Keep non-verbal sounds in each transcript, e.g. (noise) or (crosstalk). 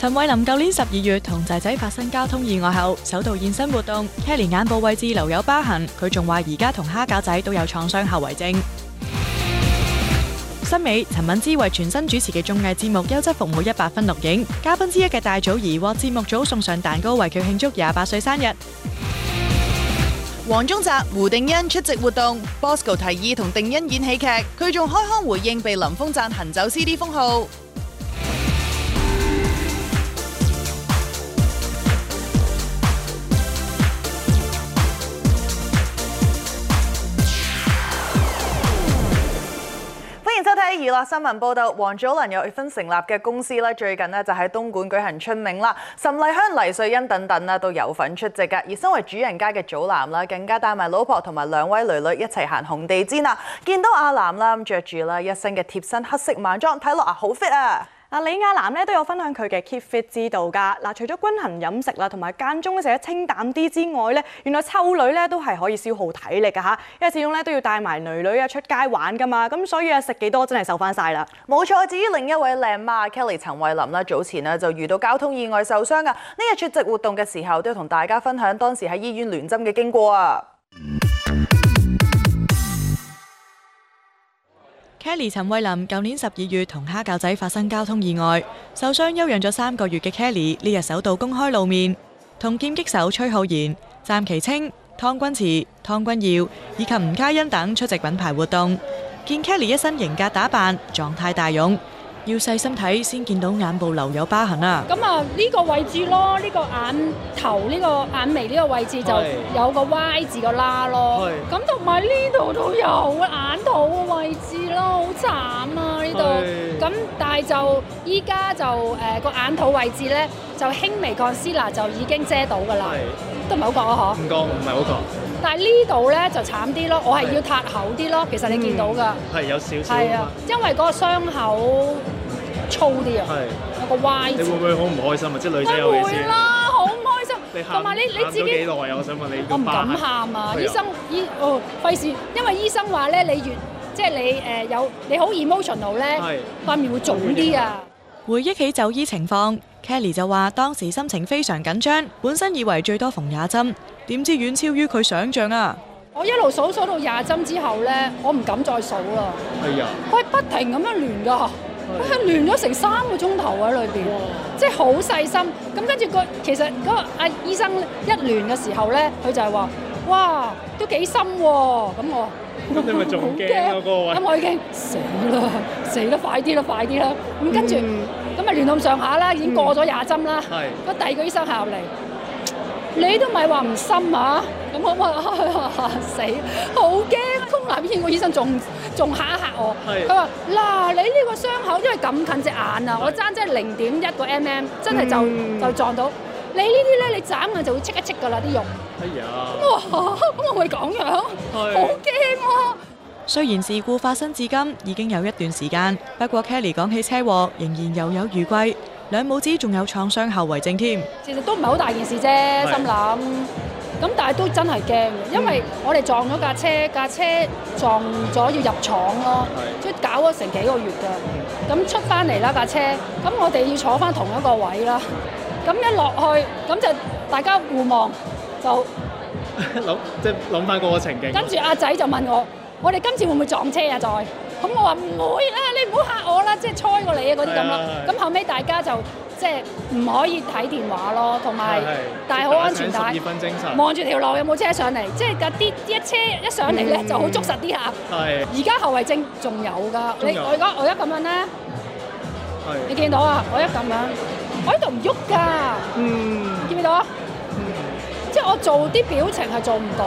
陳慧琳舊年十二月同仔仔發生交通意外後首度現身活動，Kelly 眼部位置留有疤痕。佢仲話而家同蝦餃仔都有創傷後遺症。新美陳敏之為全新主持嘅綜藝節目《優質服務一百分》錄影，嘉賓之一嘅戴祖儀獲節目組送上蛋糕為佢慶祝廿八歲生日。黃宗澤、胡定欣出席活動，Bosco 提議同定欣演喜劇，佢仲開腔回應被林峯讚行走 CD 封號。娛樂新聞報道，王祖藍有份成立嘅公司咧，最近咧就喺東莞舉行春茗啦。岑麗香、黎瑞恩等等啦都有份出席嘅。而身為主人家嘅祖藍啦，更加帶埋老婆同埋兩位女女一齊行紅地毯啦。見到阿男啦，咁着住啦一身嘅貼身黑色晚裝，睇落啊好 fit 啊！嗱，李亞男咧都有分享佢嘅 keep fit 之道噶。嗱、啊，除咗均衡飲食啦，同埋間中咧食得清淡啲之外咧，原來湊女咧都係可以消耗體力噶嚇、啊，因為始終咧都要帶埋女女啊出街玩噶嘛，咁、啊、所以啊食幾多真係瘦翻晒啦。冇錯，至於另一位靚媽 Kelly 陳慧琳啦，早前啊就遇到交通意外受傷啊，呢日出席活動嘅時候都要同大家分享當時喺醫院聯針嘅經過啊。 (noise) Kelly 陳慧琳舊年十二月同蝦餃仔發生交通意外，受傷休養咗三個月嘅 Kelly 呢日首度公開露面，同劍擊手崔浩然、暫其清、湯君慈、湯君耀以及吳嘉欣等出席品牌活動，見 Kelly 一身型格打扮，狀態大勇。要細心睇先見到眼部留有疤痕啊！咁啊呢個位置咯，呢、這個眼頭、呢、這個眼眉呢個位置就有個 Y 字個喇咯。咁同埋呢度都有、這個有眼肚個位置咯，好慘啊呢度。咁、這個、是但係就依家就誒個、呃、眼肚位置咧就輕微抗衰啦，就已經遮到噶啦。是都唔係好覺啊嗬？唔覺，唔係好覺。不不但係呢度咧就慘啲咯，我係要塌厚啲咯。其實你見、嗯、到噶係有少少、啊，係啊，因為個傷口。粗啲啊！有個歪字。你會唔會好唔開心啊？即係女仔嘅會啦，好唔開心。你喊咗幾耐啊？我想問你我唔敢喊啊！醫生醫哦，費事，因為醫生話咧，你越即係你誒有你好 emotional 咧，塊面會腫啲啊。回憶起就醫情況，Kelly 就話當時心情非常緊張，本身以為最多縫廿針，點知遠超於佢想像啊！我一路數數到廿針之後咧，我唔敢再數啦。係啊！佢不停咁樣亂㗎。佢係亂咗成三個鐘頭喺裏邊，即係好細心。咁跟住個其實嗰個阿醫生一亂嘅時候咧，佢就係話：哇，都幾深喎！咁我咁你咪仲好驚嗰個位？咁我已經死啦，死得快啲啦，快啲啦！咁跟住咁咪亂咁上下啦，已經過咗廿針啦。咁第二個醫生下嚟，你都唔係話唔深嚇？咁我哇死，好驚！咁下邊個醫生仲？仲嚇一嚇我，佢話，嗱，你呢個傷口因為咁近隻眼啊，我爭即係零點一個 mm，真係就就撞到你呢啲咧，你眨眼就會戚一戚噶啦啲肉。哎呀，哇，咁我咪咁樣，好驚啊！雖然事故發生至今已經有一段時間，不過 Kelly 講起車禍仍然猶有餘悸，兩母子仲有創傷後遺症添。其實都唔係好大件事啫，心諗。咁但係都真係驚，因為我哋撞咗架車，架車撞咗要入廠咯，即係搞咗成幾個月㗎。咁出翻嚟啦架車，咁我哋要坐翻同一個位啦。咁一落去，咁就大家互望就諗，即係諗翻嗰個情景。跟住阿仔就問我：我哋今次會唔會撞車又再？咁我話唔會啦，你唔好嚇我啦，即係猜過你啊嗰啲咁咯。咁後尾大家就。即係唔可以睇電話咯，同埋戴好安全帶，望住條路有冇車上嚟。嗯、即係嗰啲一車一上嚟咧就好捉實啲嚇。係的。而家後遺症仲有㗎，了你我而家我而家咁樣咧，你見到啊？我而家咁樣，我喺度唔喐噶，見唔見到啊？嗯、即係我做啲表情係做唔到，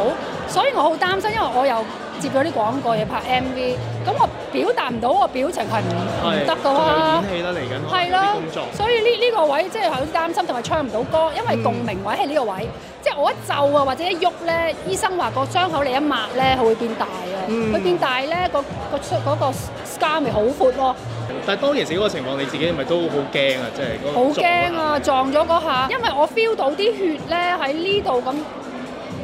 所以我好擔心，因為我又。接咗啲廣告嘢拍 MV，咁我表達唔到個表情係唔得噶嘛。係，有天氣啦，嚟緊。係咯，所以呢呢個位即係好擔心，同埋唱唔到歌，因為共鳴位喺呢個位。即係我一皺啊，或者一喐咧，醫生話個傷口你一抹咧，佢會變大啊。佢變大咧，個個出嗰個 scar 咪好闊喎。但係當其時嗰個情況，你自己咪都好驚啊！即係嗰個好驚啊！撞咗嗰下，因為我 feel 到啲血咧喺呢度咁，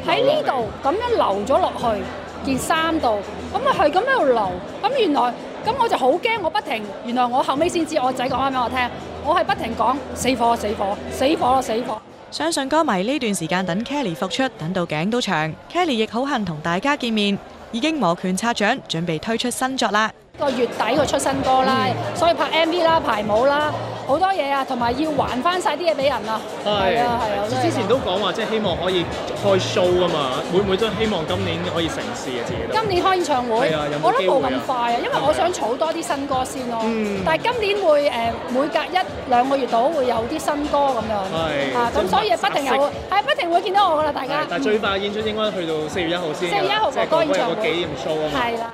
喺呢度咁樣流咗落去。件衫度，咁啊係咁喺度流，咁原來，咁我就好驚，我不停，原來我後尾先知，我仔講翻俾我聽，我係不停講死火死火死火咯死火。相信歌迷呢段時間等 Kelly 復出，等到頸都長，Kelly 亦好恨同大家見面，已經摩拳擦掌，準備推出新作啦。個月底會出新歌啦，所以拍 MV 啦、排舞啦，好多嘢啊，同埋要還翻晒啲嘢俾人啊。係啊，係啊。之前都講話即係希望可以開 show 啊嘛，會唔會都希望今年可以成事啊自己？今年開演唱會，我都冇咁快啊，因為我想儲多啲新歌先咯。但係今年會誒每隔一兩個月度會有啲新歌咁樣。係。啊，咁所以不停有，係不停會見到我噶啦大家。但係最快演出應該去到四月一號先。四月一號哥哥演唱會，嗰個紀念 show 啊。係啦。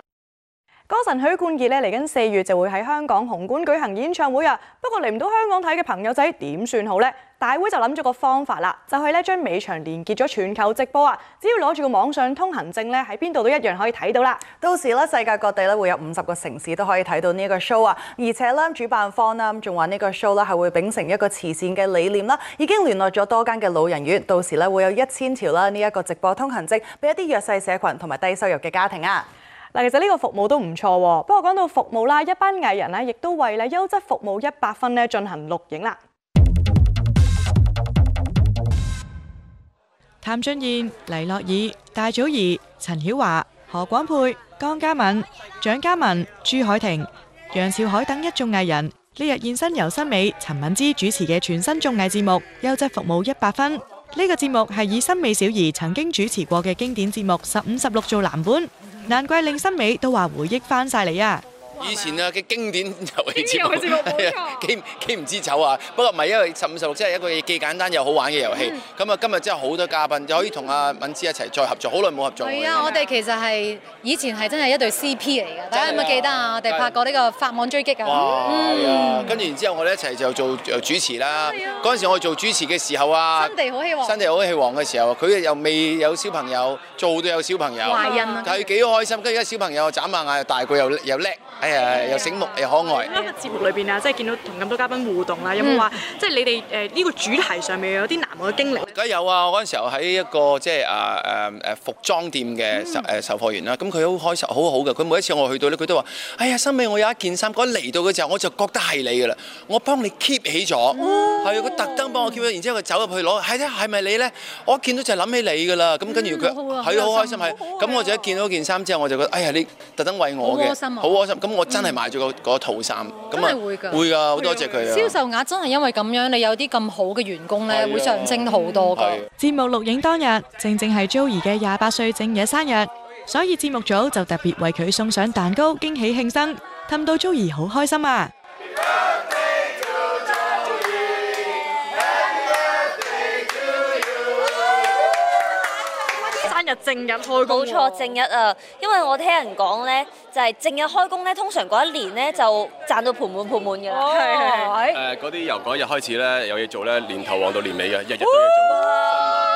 歌神許冠傑咧嚟緊四月就會喺香港紅館舉行演唱會啊！不過嚟唔到香港睇嘅朋友仔點算好呢？大會就諗咗個方法啦，就係咧將尾場連結咗全球直播啊！只要攞住個網上通行證咧，喺邊度都一樣可以睇到啦。到時咧世界各地咧會有五十個城市都可以睇到呢一個 show 啊！而且咧主辦方啦仲話呢個 show 咧係會秉承一個慈善嘅理念啦，已經聯絡咗多間嘅老人院，到時咧會有一千條啦呢一個直播通行證俾一啲弱勢社群同埋低收入嘅家庭啊！嗱，其實呢個服務都唔錯喎。不過講到服務啦，一班藝人呢亦都為咧優質服務一百分呢進行錄影啦。譚俊彥、黎諾懿、戴祖儀、陳曉華、何廣沛、江嘉敏、蔣嘉文、朱海婷、楊潮凱等一眾藝人，呢日現身由森美陳敏之主持嘅全新綜藝節目《優質服務一百分》呢、呢個節目係以森美小儀曾經主持過嘅經典節目《十五十六》做藍本。難怪令心美都話回憶翻晒嚟啊！以前啊嘅經典遊戲節目，幾幾唔知醜啊！不過唔係因為十五十六即係一個既簡單又好玩嘅遊戲。咁啊，今日真係好多嘉賓，就可以同阿敏芝一齊再合作，好耐冇合作。係啊，我哋其實係以前係真係一對 CP 嚟嘅，大家有冇記得啊？我哋拍過呢個《法網追擊》啊。跟住然之後，我哋一齊就做主持啦。嗰陣時我做主持嘅時候啊，新地好氣旺，新地好氣旺嘅時候，佢又未有小朋友，做到有小朋友，懷孕啊，係幾開心。跟住而家小朋友眨下眼又大個又又叻。又醒目又可愛。今日節目裏邊啊，即係見到同咁多嘉賓互動啦，有冇話即係你哋誒呢個主題上面有啲難忘嘅經歷？梗係有啊！我嗰陣時候喺一個即係啊誒誒服裝店嘅售誒售貨員啦，咁佢好開心好好嘅。佢每一次我去到咧，佢都話：哎呀，心美，我有一件衫。嗰一嚟到嘅時候，我就覺得係你嘅啦，我幫你 keep 起咗，係佢特登幫我 keep 起，然之後佢走入去攞，係咧係咪你咧？我見到就諗起你嘅啦。咁跟住佢係好開心，係。咁我就一見到嗰件衫之後，我就覺得：哎呀，你特登為我嘅，好開心。咁我真係買咗嗰套衫，咁係會㗎，會㗎，好多謝佢啊！銷售額真係因為咁樣，你有啲咁好嘅員工咧，的會上升好多噶。嗯、節目錄影當日，正正係 Joey 嘅廿八歲正嘢生日，所以節目組就特別為佢送上蛋糕，驚喜慶生，氹到 Joey 好開心啊！日正日開工，冇錯，正日啊！因為我聽人講咧，就係、係、正日開工咧，通常嗰一年咧就賺到盆滿盆，缽滿嘅啦。係誒、哦，嗰啲由嗰日開始咧，有嘢做咧，年頭旺到年尾嘅，日日都有做。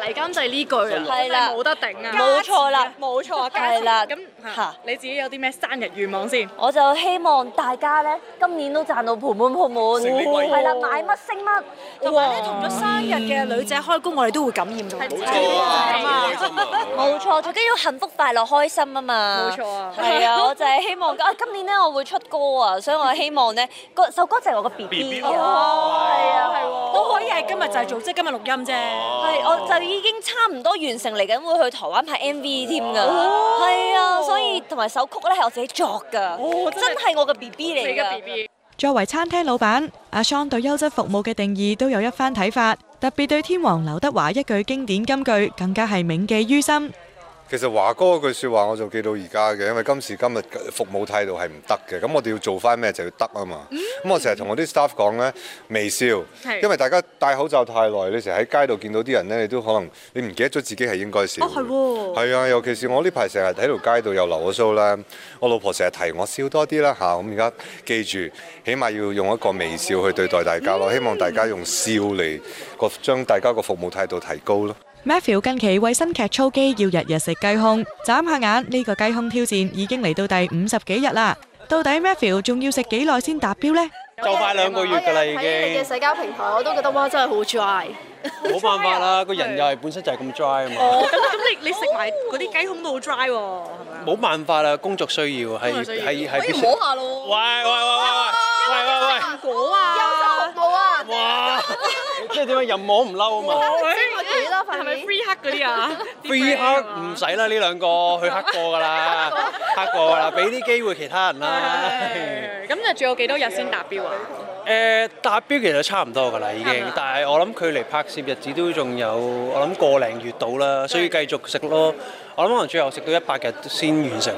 嚟監製呢句啦，真係冇得頂啊！冇錯啦，冇錯啊！係啦，咁吓你自己有啲咩生日願望先？我就希望大家咧今年都賺到盆滿缽滿，係啦，買乜升乜，同埋咧同咗生日嘅女仔開工，我哋都會感染到，係啊嘛！冇錯，最緊要幸福快樂開心啊嘛！冇錯啊！係啊，我就係希望啊，今年咧我會出歌啊，所以我希望咧個首歌就係我個 BB 嘅，係啊，係喎，都可以喺今日製作，即係今日錄音啫，係我就。佢已經差唔多完成嚟緊，會去台灣拍 MV 添噶，係哇啊，所以同埋首曲咧係我自己作噶，真係我嘅 BB 嚟噶。BB 作為餐廳老闆，阿 Son 對優質服務嘅定義都有一番睇法，特別對天王劉德華一句經典金句，更加係銘記於心。其實華哥嗰句説話，我就記到而家嘅，因為今時今日服務態度係唔得嘅，咁我哋要做返咩就要得啊嘛。咁、嗯嗯、我成日同我啲 staff 講呢：「微笑，的因為大家戴口罩太耐，你成日喺街度見到啲人呢，你都可能你唔記得咗自己係應該笑。哦，係喎、哦。啊，尤其是我呢排成日喺條街度又流咗鬚啦，我老婆成日提我笑多啲啦吓，咁而家記住，起碼要用一個微笑去對待大家咯，希望大家用笑嚟個將大家個服務態度提高咯。Matthew 近期為新劇操機，要日日食雞胸，眨下眼呢、呢個雞胸挑戰已經嚟到第五十幾日啦。到底 Matthew 仲要食幾耐先達標呢？的做快兩個月噶啦，的已經。我喺你嘅社交平台，我都覺得哇，真係好 dry。冇辦法啦，個人又係本身就係咁 dry 啊嘛。哦，咁咁你你食埋嗰啲雞胸都好 dry 喎，係咪？冇辦法啦，工作需要係係係。可以摸下咯。喂喂喂喂喂喂喂！摸啊！冇啊！哇！即係點解任摸唔嬲啊嘛？摸幾多分？係咪 free hug 嗰啲啊？Free hug 唔使啦，呢兩個去黑過㗎啦，黑過㗎啦，俾啲機會其他人啦。咁就仲有幾多日先達標啊？呃，達標其實差唔多㗎啦，已經，但係我諗佢離拍攝日子都仲有，我諗過零月到啦，所以繼續食囉，我諗可能最後食到100日先完成。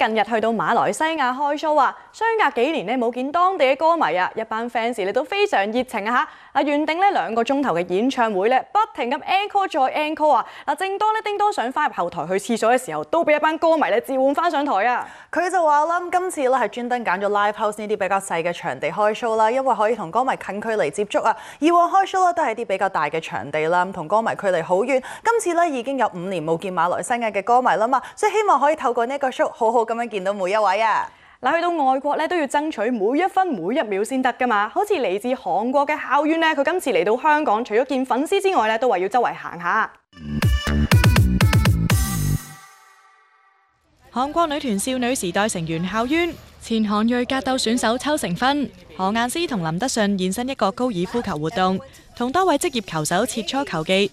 近日去到馬來西亞開 show 啊，相隔幾年咧冇見當地嘅歌迷啊，一班 fans 嚟到非常熱情啊吓。啊，原定咧兩個鐘頭嘅演唱會咧，不停咁 encore 再 encore 啊！嗱，正當咧丁當想翻入後台去廁所嘅時候，都俾一班歌迷咧召喚翻上台啊！佢就話啦，今次咧係專登揀咗 live house 呢啲比較細嘅場地開 show 啦，因為可以同歌迷近距離接觸啊。以往開 show 咧都係啲比較大嘅場地啦，同歌迷距離好遠。今次咧已經有五年冇見馬來西亞嘅歌迷啦嘛，所以希望可以透過呢個 show 好好咁樣見到每一位啊！嗱，去到外國咧都要爭取每一分每一秒先得噶嘛，好似嚟自韓國嘅孝淵咧，佢今次嚟到香港，除咗見粉絲之外咧，都話要周圍行下。韓國女團少女時代成員孝淵，前韓裔格鬥選手秋成勳、何雁詩同林德信現身一個高爾夫球活動，同多位職業球手切磋球技。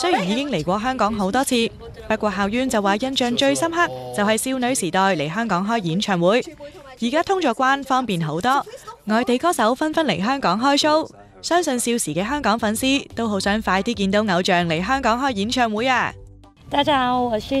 雖然已經嚟過香港好多次，不過孝淵就話印象最深刻就係少女時代嚟香港開演唱會。而家通咗關，方便好多，外地歌手紛紛嚟香港開 show，相信少時嘅香港粉絲都好想快啲見到偶像嚟香港開演唱會啊！大家好，我係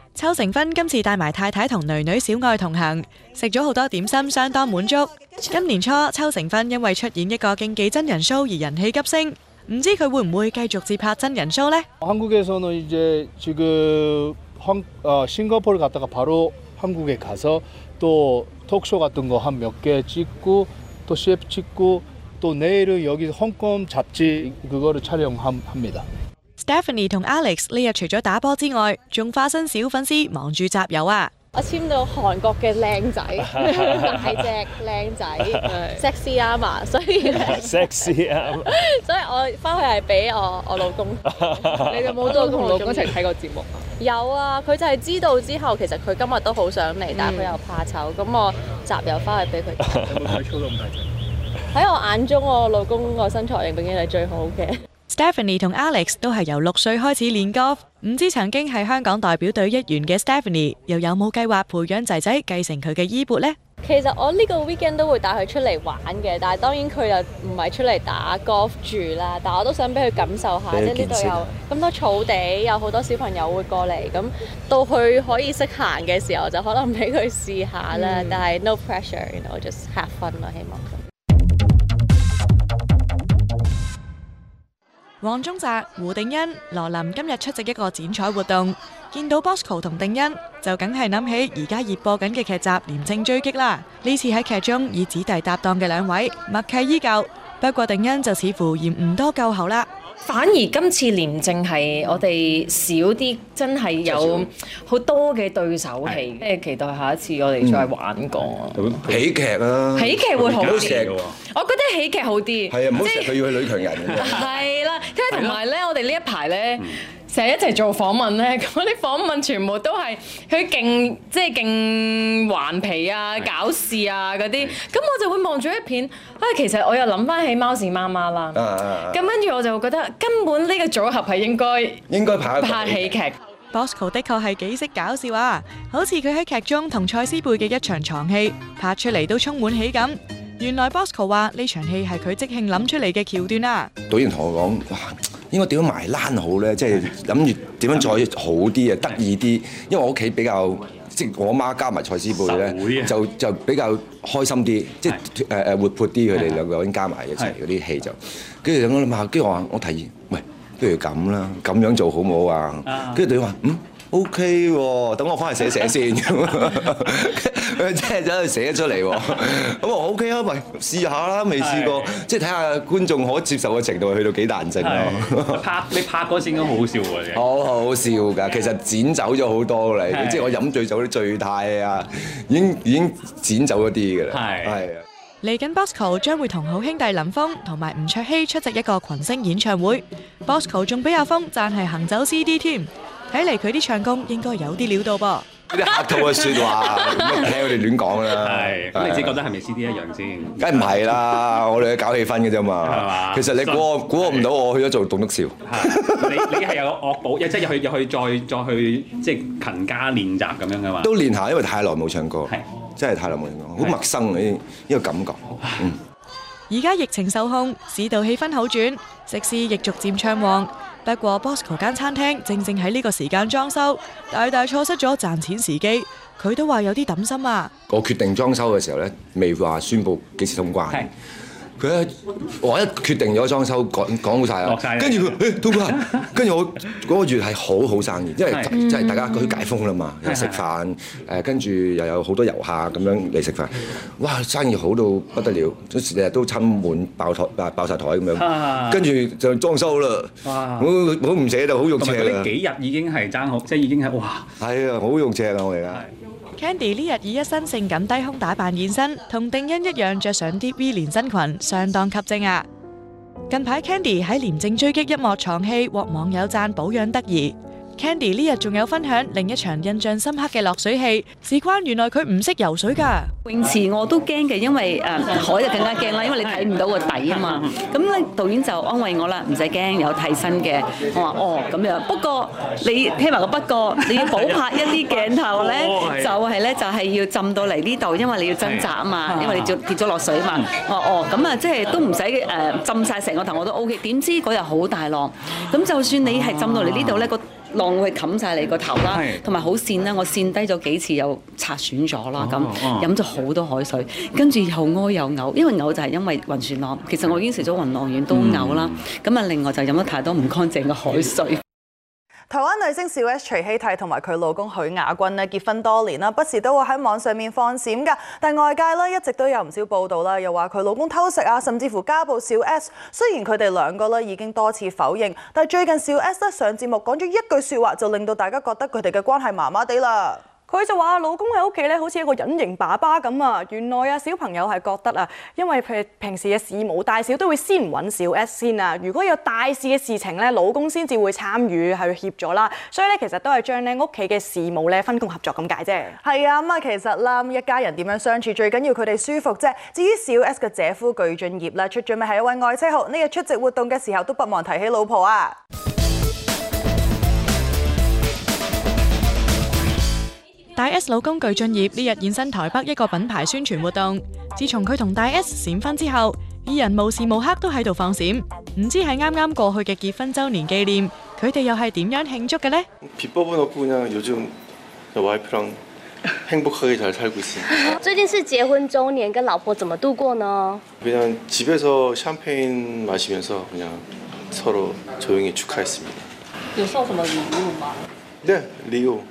邱成芬今次帶埋太太同女女小愛同行，食咗好多點心，相當滿足。今年初，邱成芬因為出演一個競技真人 show 而人氣急升，唔知佢會唔會繼續接拍真人 show 呢？韓國 Stephanie 同 Alex 呢日除咗打波之外，仲化身小粉絲，忙住集郵啊！我簽到韓國嘅靚仔，大隻靚仔，sexy 呀嘛，所以咧，sexy 啊！所以我翻去係俾我我老公，你有冇都同老公一齊睇過節目啊？有啊，佢就係知道之後，其實佢今日都好想嚟，但係佢又怕醜，咁我集郵翻去俾佢睇。唔好睇咁大隻。喺我眼中，我老公個身材型已經係最好嘅。Stephanie 同 Alex 都係由六歲開始練 golf，唔知曾經係香港代表隊一員嘅 Stephanie 又有冇計劃培養仔仔繼承佢嘅衣缽呢？其實我呢個 weekend 都會帶佢出嚟玩嘅，但係當然佢又唔係出嚟打 golf 住啦。但係我都想俾佢感受下即呢度有咁多草地，有好多小朋友會過嚟。咁到佢可以識行嘅時候，就可能俾佢試下啦。Mm。但係 no pressure，you know，j 黃宗澤、胡定欣、羅霖今日出席一個剪彩活動，見到 Bosco 同定欣就梗係諗起而家熱播緊嘅劇集《廉政追擊》啦。呢次喺劇中以子弟搭檔嘅兩位默契依舊，不過定欣就似乎嫌唔多夠喉啦。反而今次廉政係我哋少啲，真係有好多嘅對手戲，即係的期待下一次我哋再玩過、嗯、喜劇啦、啊。喜劇會好啲，我覺得喜劇好啲。係啊，即係佢要去女強人。係啦的，即係同埋咧，的我哋呢一排咧。嗯成日一齊做訪問咧，嗰啲訪問全部都係佢勁，即係勁頑皮啊、搞事啊嗰啲。咁的我就會望住一片。啊、哎，其實我又諗翻起貓屎媽媽啦。啊咁跟住我就會覺得根本呢個組合係應該應該拍一拍喜劇。Bosco 的確係幾識搞笑啊！好似佢喺劇中同蔡思貝嘅一場牀戲拍出嚟都充滿喜感。原來 Bosco 話呢場戲係佢即興諗出嚟嘅橋段啊。導演同我講，哇！應該點樣埋單好咧？即係諗住點樣再好啲啊， (laughs) 得意啲。因為我屋企比較，即係我阿媽加埋蔡思貝咧，就就比較開心啲，即係誒誒活潑啲。佢哋兩個已經加埋一齊，嗰啲 (laughs) 戲就，跟住咁諗諗下，跟住我話我提議，喂，不如咁啦，咁樣做好唔好啊？跟住佢話嗯。O K 喎，等、okay, 我翻嚟寫寫先，即係走去寫，寫， (laughs) 寫出嚟喎。咁 (laughs) 我 O K 啊，咪試下啦，未試過，是即係睇下觀眾可接受嘅程度去到幾彈性咯。拍你拍嗰陣應該好笑喎，真好 (laughs) 好笑㗎。Okay. 其實剪走咗好多嚟，你是，即係我飲醉酒啲醉態啊，已經已經剪走咗啲㗎啦，係啊是。嚟緊是 Bosco 將會同好兄弟林峰同埋吳卓羲出席一個群星演唱會。Bosco 仲俾阿峰讚係行走 C D 添。睇嚟佢啲唱功應該有啲料到噃，啲客套嘅説話，聽佢哋亂講啦。係，你自己覺得係咪 CD 一樣先？梗係唔係啦，我哋去搞氣氛嘅啫嘛。係嘛？其實你估我估我唔到，我去咗做棟篤笑。你你係有惡補，即係去去再再去即係勤加練習咁樣嘅嘛？都練下，因為太耐冇唱歌，真係太耐冇唱歌，好陌生呢呢個感覺。嗯。而家疫情受控，市道氣氛好轉，食肆亦逐漸暢旺。不過，Bosco 間餐廳正正喺呢個時間裝修，大大錯失咗賺錢時機。佢都話有啲抌心啊！我決定裝修嘅時候呢，未話宣佈幾時通關。佢、啊、我一決定咗裝修，講講好曬啦，跟住佢，哎、欸，都好 (laughs) 跟住我嗰、那個月係好好生意，因為真係是大家佢解封啦嘛，又食、嗯、飯，誒是、呃，跟住又有好多遊客咁樣嚟食飯，哇，生意好到不得了，都日都撐滿爆台、爆曬台咁樣，啊、跟住就裝修啦哇，我好唔捨就好肉赤啊！咁幾日已經係爭好，即係已經係哇，係、哎、啊，好肉赤啊我哋啊！Candy 呢日以一身性感低胸打扮現身，同定欣一樣着上 D V 連身裙，相當吸睛啊！近排 Candy 喺廉政追擊一幕床戲，獲網友讚保養得宜。Candy 呢日仲有分享另一場印象深刻嘅落水戲，事關原來佢唔識游水㗎，泳池我都驚嘅，因為誒海就更加驚啦，因為你睇唔到個底啊嘛。咁咧導演就安慰我啦，唔使驚，有替身嘅。我話哦咁樣，不過你聽埋個不過，你要補拍一啲鏡頭咧，就係咧就係要浸到嚟呢度，因為你要掙扎啊嘛，因為你跌咗落水啊嘛。我話哦哦，咁啊即係都唔使誒浸晒成個頭我都 OK。點知嗰日好大浪，咁就算你係浸到嚟呢度咧個。浪會冚晒你個頭啦，同埋好跣啦，我跣低咗幾次又擦損咗啦，咁飲咗好多海水，跟住又屙又嘔，因為嘔就係因為暈船浪，其實我已經食咗暈浪丸都嘔啦，咁啊、嗯、另外就飲咗太多唔乾淨嘅海水。嗯 (laughs) 台灣女星小 S 徐熙娣同埋佢老公許雅鈞咧結婚多年啦，不時都會喺網上面放閃㗎。但外界咧一直都有唔少報道啦，又話佢老公偷食啊，甚至乎家暴小 S。雖然佢哋兩個咧已經多次否認，但最近小 S 咧上節目講咗一句説話，就令到大家覺得佢哋嘅關係麻麻地啦。佢就話：老公喺屋企咧，好似一個隱形爸爸咁啊！原來啊，小朋友係覺得啊，因為平平時嘅事無大小都會先唔揾小 S 先啊。如果有大事嘅事情咧，老公先至會參與係協助啦。所以咧，其實都係將你屋企嘅事務咧分工合作咁解啫。係啊咁啊，其實啦，一家人點樣相處，最緊要佢哋舒服啫。至於小 S 嘅姐夫具俊曄啦，出咗咪係一位愛車號，呢日出席活動嘅時候都不忘提起老婆啊。大 S 老公具俊業呢日現身台北一個品牌宣傳活動。自從佢同大 S 閃婚之後，二人無時無刻都喺度放閃，唔知係啱啱過去嘅結婚周年紀念，佢哋又係點樣慶祝嘅呢？ (laughs) 最近是結婚週年，跟老婆怎麼度過呢？最近是結婚週年，跟老婆怎麼度過呢？Yeah,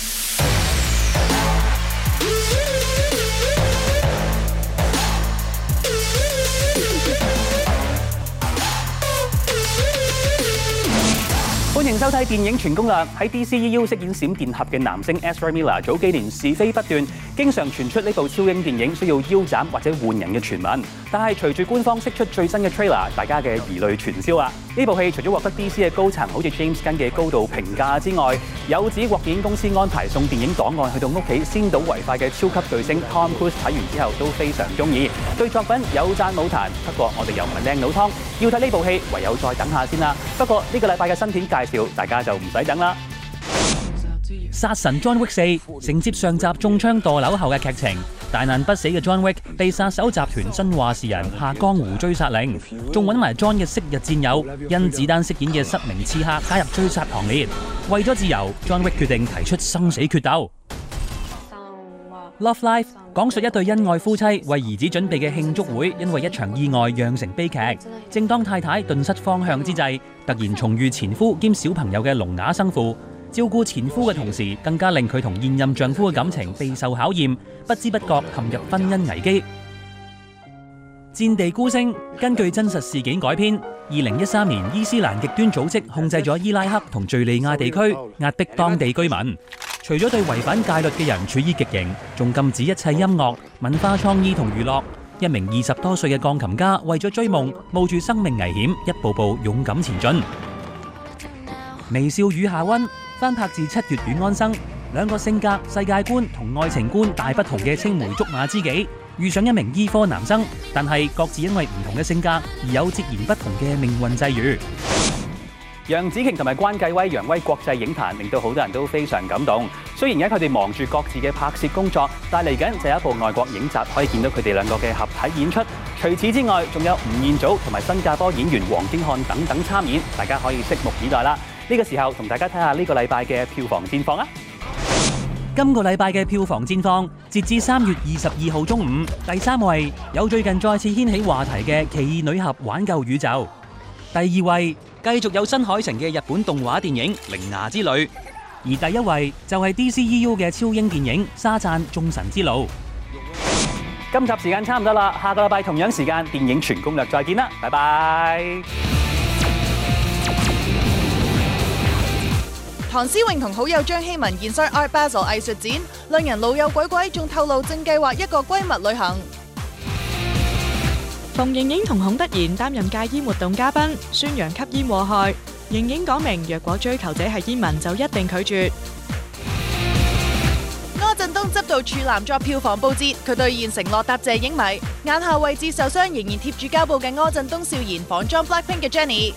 《超電影全攻略》喺 DCEU 飾演閃電俠嘅男星 Ezra Miller 早幾年是非不斷，經常傳出呢部超英電影需要腰斬或者換人嘅傳聞。但係隨住官方釋出最新嘅 trailer，大家嘅疑慮全消啊，呢部戲除咗獲得 DC 嘅高層好似 James Gunn 嘅高度評價之外，有指獲電影公司安排送電影檔案去到屋企先睹為快嘅超級巨星 Tom Cruise 睇完之後都非常中意。對作品有讚冇彈，不過我哋又唔係靚佬湯，要睇呢部戲唯有再等下先啦。不過呢、呢個禮拜嘅新片介紹。大家就唔使等啦！殺神 John Wick 四承接上集中槍墮樓後嘅劇情，大難不死嘅 John Wick 被殺手集團真話事人下江湖追殺令，仲搵埋 John 嘅昔日戰友，甄子丹飾演嘅失明刺客加入追殺行列，為咗自由，John Wick 決定提出生死決鬥。Love Life 講述一對恩愛夫妻為兒子準備嘅慶祝會，因為一場意外釀成悲劇。正當太太頓失方向之際，突然重遇前夫兼小朋友嘅聾啞生父，照顧前夫嘅同時，更加令佢同現任丈夫嘅感情備受考驗，不知不覺陷入婚姻危機。戰地孤星根據真實事件改編。二零一三年，伊斯蘭極端組織控制咗伊拉克同敘利亞地區，壓迫當地居民。除咗對違反戒律嘅人處以極刑，仲禁止一切音樂、文化創意同娛樂。一名二十多歲嘅鋼琴家為咗追夢，冒住生命危險，一步步勇敢前進。微笑與夏温翻拍自七月,月《與安生》，兩個性格、世界觀同愛情觀大不同嘅青梅竹馬知己，遇上一名醫、e、科男生，但係各自因為唔同嘅性格而有截然不同嘅命運際遇。楊紫瓊同埋關繼威、楊威國際影壇令到好多人都非常感動。雖然而家佢哋忙住各自嘅拍攝工作，但嚟緊就有一部外國影集可以見到佢哋兩個嘅合體演出。除此之外，仲有吳彥祖同埋新加坡演員黃經漢等等參演，大家可以拭目以待啦。呢、這個時候同大家睇下呢個禮拜嘅票房戰況啦。今個禮拜嘅票房戰況，截至三月二十二號中午，第三位有最近再次掀起話題嘅《奇異女俠玩救宇宙》，第二位。繼續有新海誠嘅日本動畫電影《鈴芽之旅》，而第一位就係 DCEU 嘅超英電影《沙贊：眾神之路》。今集時間差唔多啦，下個禮拜同樣時間電影全攻略再見啦，拜拜！唐詩詠同好友張曦雯現身 Art Basel 藝術展，兩人老友鬼鬼仲透露正計劃一個閨蜜旅行。馮盈盈同孔德賢擔任戒煙活動嘉賓，宣揚吸煙禍害。盈盈講明，若果追求者係煙民，就一定拒絕。柯震東執導《處男》作票房報捷，佢兌現承諾答謝影迷。眼下位置受傷，仍然貼住膠布嘅柯震東笑言仿妝 Blackpink 嘅 Jennie。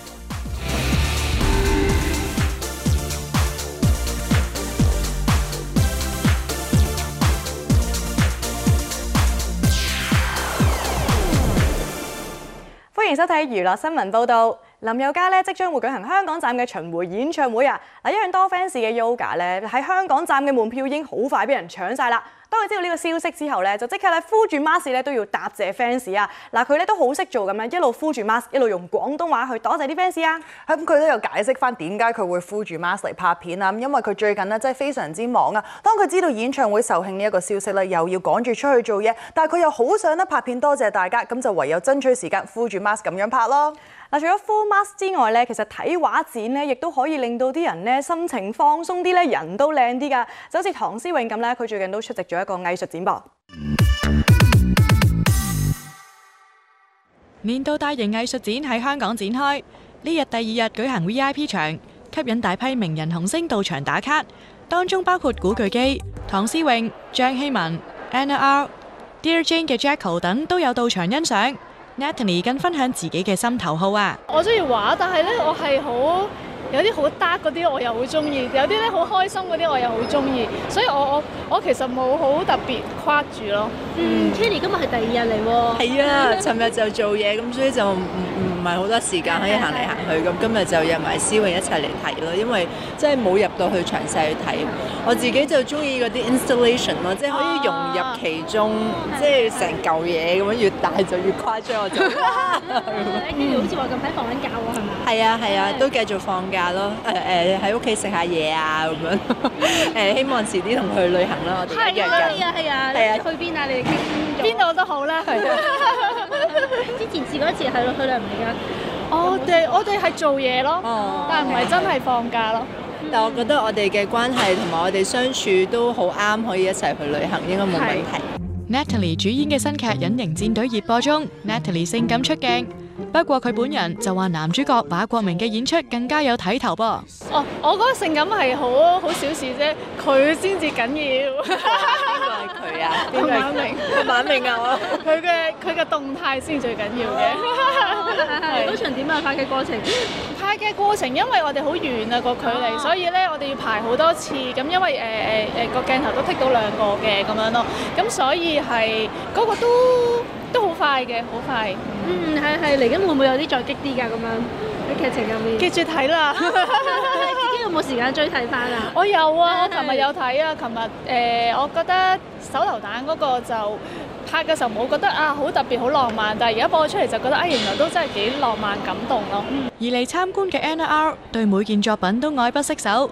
收睇娛樂新聞報道。林宥嘉咧即將會舉行香港站嘅巡迴演唱會啊！嗱，一樣多 fans 嘅 Yoga 咧喺香港站嘅門票已經好快俾人搶晒啦。當佢知道呢個消息之後咧，就即刻咧呼住 mask 咧都要答謝 fans 啊！嗱，佢咧都好識做咁樣一路呼住 mask，一路用廣東話去多謝啲 fans 啊！咁佢都有解釋翻點解佢會呼住 mask 嚟拍片啊！因為佢最近咧真係非常之忙啊！當佢知道演唱會售罄呢一個消息咧，又要趕住出去做嘢，但係佢又好想咧拍片多謝大家，咁就唯有爭取時間呼住 mask 咁樣拍咯。除咗 full mask 之外咧，其實睇畫展咧，亦都可以令到啲人咧心情放鬆啲咧，人都靚啲㗎。就好似唐詩詠咁咧，佢最近都出席咗一個藝術展噃。年度大型藝術展喺香港展開，呢日第二日舉行 VIP 場，吸引大批名人紅星到場打卡，當中包括古巨基、唐詩詠、張希文、Anna R、Dear Jane 嘅 Jackal 等都有到場欣賞。Nathalie 跟分享自己嘅心頭好啊！我中意畫，但係咧我係好有啲好 dark 嗰啲我又好中意，有啲咧好開心嗰啲我又好中意，所以我我我其實冇好特別框住咯。Mm. 嗯 Kenny 今日係第二日嚟係啊，尋日就做嘢，咁所以就唔唔係好多時間可以行嚟行去，咁的今日就約埋思穎一齊嚟睇咯，因為即係冇入到去詳細去睇。我自己就中意嗰啲 installation 咯，即係可以融入、啊。其中，即係成嚿嘢咁樣，越大就越誇張，我就你咁。好似話咁，係放緊假喎，係咪？係啊係啊，都繼續放假咯。誒誒，喺屋企食下嘢啊咁樣。誒，希望遲啲同佢旅行啦。我哋一家人啊係啊係啊！去邊啊？你哋邊邊度都好啦。係之前試過一次，係咯，去旅行嚟㗎。我哋我哋係做嘢咯，但係唔係真係放假咯。但我覺得我哋嘅關係同埋我哋相處都好啱，可以一齊去旅行應該冇問題。是 Natalie 主演嘅新劇《隱形戰隊》熱播中，Natalie 性感出鏡。不過佢本人就話男主角馬國明嘅演出更加有睇頭噃。哦，我覺得性感係好好小事啫，佢先至緊要。邊個係佢啊？馬明，馬明啊！我佢嘅佢嘅動態先至最緊要嘅。係係係。嗰場點啊？拍嘅過程，拍嘅過程，因為我哋好遠啊個距離，所以咧我哋要排好多次。咁因為誒誒誒個鏡頭都剔到兩個嘅咁樣咯。咁所以係嗰個都。都好快嘅，好快，嗯。嗯，係係，嚟緊會唔會有啲再激啲噶咁樣？啲劇情有冇？記住睇啦！ (laughs) (laughs) 自己有冇時間追睇翻啊？我有啊， (laughs) 我琴日有睇啊，琴日，誒，我覺得手榴彈嗰個就拍嘅時候冇覺得啊，好特別，好浪漫。但係而家播出嚟就覺得啊、哎，原來都真係幾浪漫、感動咯。嗯、而嚟參觀嘅 NR 對每件作品都愛不釋手。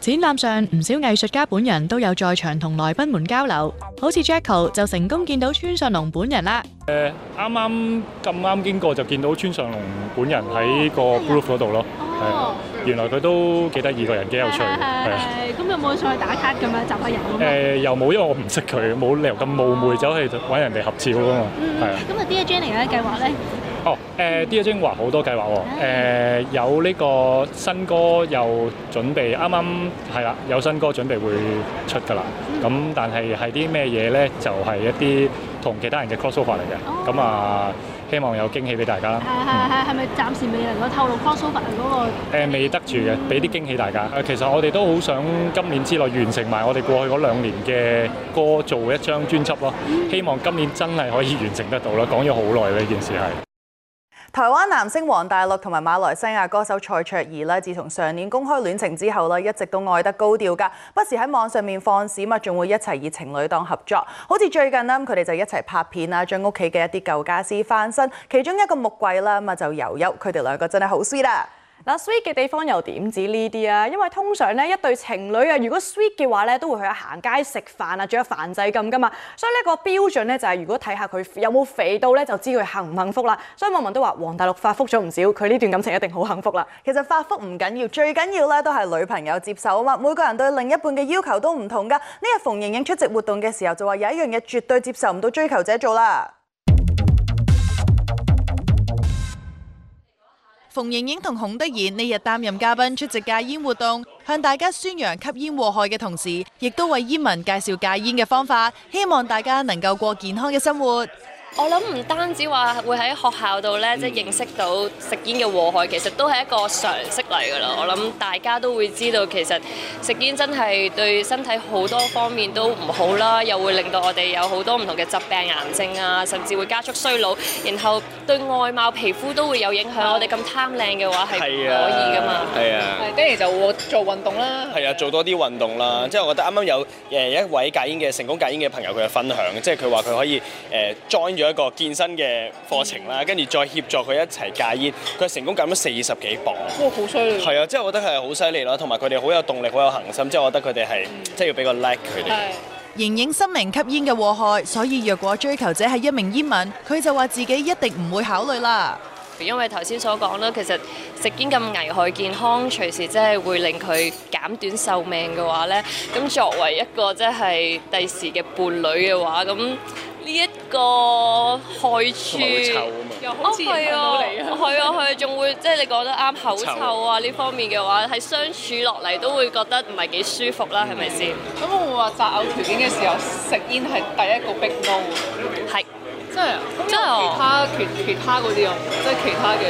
展覽上，唔少藝術家本人都有在場同來賓們交流。好似 Jackal 就成功見到村上隆本人啦。呃，啱啱，咁啱經過，就見到村上隆本人喺個 Group 嗰度囉。嗯，原來佢都幾得意，個人幾有趣。嗯，咁有冇上去打卡咁樣，集下人。呃，又冇，因為我唔識佢，冇理由咁冒昧，走去揾人哋合照吖嘛。Jenny 嘅計劃呢？哦，誒 Dear Jane 好多計劃喎、哦，uh, mm hmm. uh, 有呢個新歌又準備，啱啱係啦，有新歌準備會出㗎啦，咁、mm hmm. 但係係啲咩嘢咧？就係、是、一啲同其他人嘅 crossover 嚟嘅，咁啊，希望有驚喜俾大家。係係係，係、hmm. 咪、uh, 暫時未能夠透露 crossover 嗰、那個？Uh, 未得住嘅，俾啲、mm hmm. 驚喜大家。誒，其實我哋都好想今年之內完成埋我哋過去嗰兩年嘅歌，做一張專輯咯、哦。Mm hmm. 希望今年真係可以完成得到啦。講咗好耐呢件事係。Mm hmm. 台灣男星王大陸同埋馬來西亞歌手蔡卓宜咧，自從上年公開戀情之後咧，一直都愛得高調噶，不時喺網上面放閃，嘛，仲會一齊以情侶檔合作，好似最近啦，佢哋就一齊拍片啦，將屋企嘅一啲舊家私翻新，其中一個木櫃啦，嘛就由優，佢哋兩個真係好 sweet 啦。嗱，sweet 嘅地方又點止呢啲啊？因為通常咧一對情侶啊，如果 sweet 嘅話咧，都會去行街食飯啊，仲有飯仔咁噶嘛。所以呢一個標準咧，就係如果睇下佢有冇肥到咧，就知佢幸唔幸福啦。所以網民都話王大陸發福咗唔少，佢呢段感情一定好幸福啦。其實發福唔緊要，最緊要咧都係女朋友接受啊嘛。每個人對另一半嘅要求都唔同噶。呢日馮盈盈出席活動嘅時候就話有一樣嘢絕對接受唔到追求者做啦。馮盈盈同孔德賢呢日擔任嘉賓出席戒煙活動，向大家宣揚吸煙禍害嘅同時，亦都為煙民介紹戒煙嘅方法，希望大家能夠過健康嘅生活。我諗唔單止話會喺學校度咧，即係認識到食煙嘅禍害，其實都係一個常識嚟噶啦。我諗大家都會知道，其實食煙真係對身體好多方面都唔好啦，又會令到我哋有好多唔同嘅疾病、癌症啊，甚至會加速衰老，然後對外貌、皮膚都會有影響。我哋咁貪靚嘅話係唔可以噶嘛。係啊，跟住就做運動啦。係啊，做多啲運動啦。即係我覺得啱啱有誒一位戒煙嘅成功戒煙嘅朋友，佢係分享，即係佢話佢可以誒 join。做一個健身嘅課程啦，跟住再協助佢一齊戒煙，佢成功減咗四十幾磅。哇！好犀利。係啊，即係我覺得佢係好犀利咯，同埋佢哋好有動力，好有恆心，即係我覺得佢哋係即係要比較 like 佢哋。係。盈盈深明吸煙嘅禍害，所以若果追求者係一名煙民，佢就話自己一定唔會考慮啦。因為頭先所講啦，其實食煙咁危害健康，隨時即係會令佢減短壽命嘅話咧，咁作為一個即係第時嘅伴侶嘅話，咁。呢一個害處，又好似、哦、啊，係啊係仲、啊、會即係、就是、你講得啱口臭啊呢、啊、方面嘅話，喺的的相處落嚟都會覺得唔係幾舒服啦，係咪先？咁、嗯、我會話擇偶條件嘅時候，食煙係第一個 big no，係的真係真係其他、嗯、其其、其他啲啊，即係其他嘅